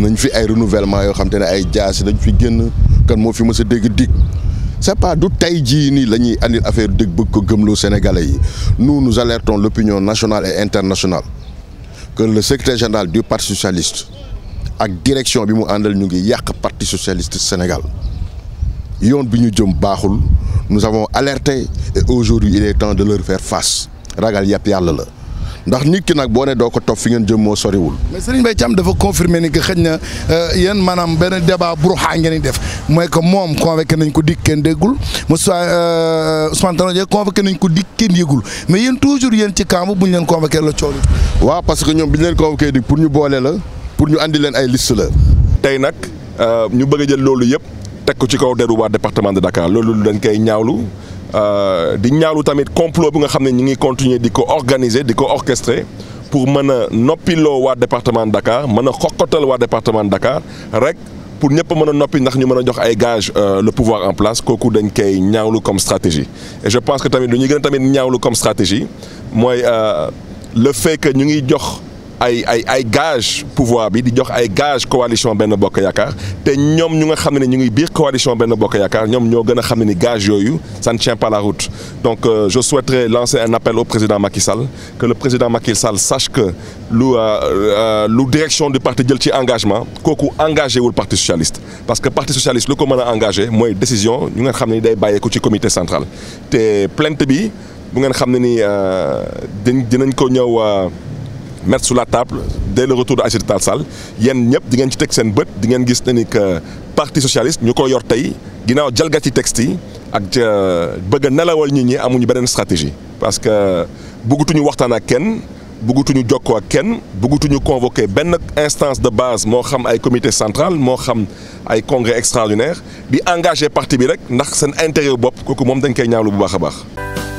nañ fi ay renouvellement yoo xam ne ay jaas dañ fi génn kan moo fi mës a dégg dig c'est pas du tey jii nii la ñuy andil affaire dëgg bëgg ko gëmloo sénégalais yi nous nous alertons l'opinion nationale et internationale que le secrétaire général du parti socialiste ak direction bi mu àndal ñu ngi yàq parti socialiste Sénégal yoon bi ñu jëm baaxul nous avons alerté et aujourd'hui il est temps de leur faire face ragal yàpp yàlla la ndax nit ki nag boo ne doo ko topp fi ngeen jëm moo soriwul. mais Serigne Mbaye Thiam dafa confirmer ni que xëj na euh, yéen maanaam benn débat bu ruxaa ngeen def mooy que moom convoqué nañ ko dikk kenn déggul Moussa euh, Ousmane Tanor Dieng convoqué ko dikk kenn yëgul mais yéen toujours yéen ci camp bu ñu leen convoqué la coono. waaw parce que ñoom bi ñu leen convoqué di pour ñu boole la pour ñu andi leen ay liste la. tey nag euh, ñu bëgg jël loolu yëpp teg ko ci kaw deru waa département de Dakar loolu dañ koy ñaawlu. Euh, di ñaawlu tamit complot bi nga xam ne ñu ngi continuer di ko organiser di ko orchestrer pour mën a noppiloo waa département Dakar mën a xokkotal waa département Dakar rek pour ñëpp mën a noppi ndax ñu mën a jox ay gage euh, le pouvoir en place kooku dañ koy ñaawlu comme stratégie. et je pense que tamit lu ñuy gën a tamit ñaawlu comme stratégie mooy euh, le fait que ñu ngi jox. ay ay ay gage pouvoir bi di jox ay gage coalition benn bokk yaakaar te ñoom ñu nga xam ne ñu ngi biir coalition benn bokk yaakaar ñoom ñoo gën a xam ne ni gage yooyu ça ne tient pas la route donc euh, je souhaiterais lancer un appel au président Macky Sall que le président Macky Sall sache que euh, euh, lu direction du parti jël ci engagement kooku engagé wul parti socialiste parce que parti socialiste lu ko mën a engagé mooy décision ñu nga xam ni day bàyyeeku ci comité central te plainte bi bu ngeen xam ne ni dañ dinañ ko ñëw mettre sur la table dès le retour de Aïssata Tall Sall yéen ñëpp di ngeen ci teg seen bët di ngeen gis ne ni que parti socialiste ñu ko yor tey ginnaaw jalgati texte yi ak bëgg a nelawal nit ñi amuñu beneen stratégie. parce que bëggatuñu waxtaan ak kenn bëggatuñu jokkoo ak kenn bëggatuñu convoquer benn instance de base moo xam ay comité centrale moo xam ay congrès extraordinaire bi engagé parti bi rek ndax seen intérêt bopp kooku moom dañ koy ñaawlu bu baax a baax.